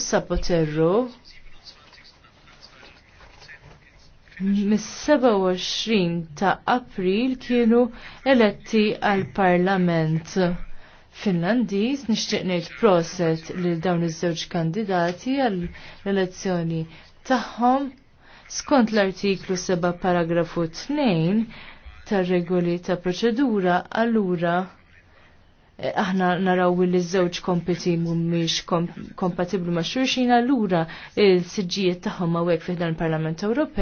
Saboterro mis-27 ta' April kienu eletti għal Parlament Finlandiż nixtieq ngħid proset lil dawn iż-żewġ kandidati għall elezzjoni tagħhom skont l-artiklu 7 paragrafu 2 tar-regoli ta' proċedura allura Eh, aħna naraw li ż-żewġ kompeti mhumiex kompatibbli ma' xulxin allura il-siġġijiet tagħhom hawnhekk fih dan il-Parlament Ewropew.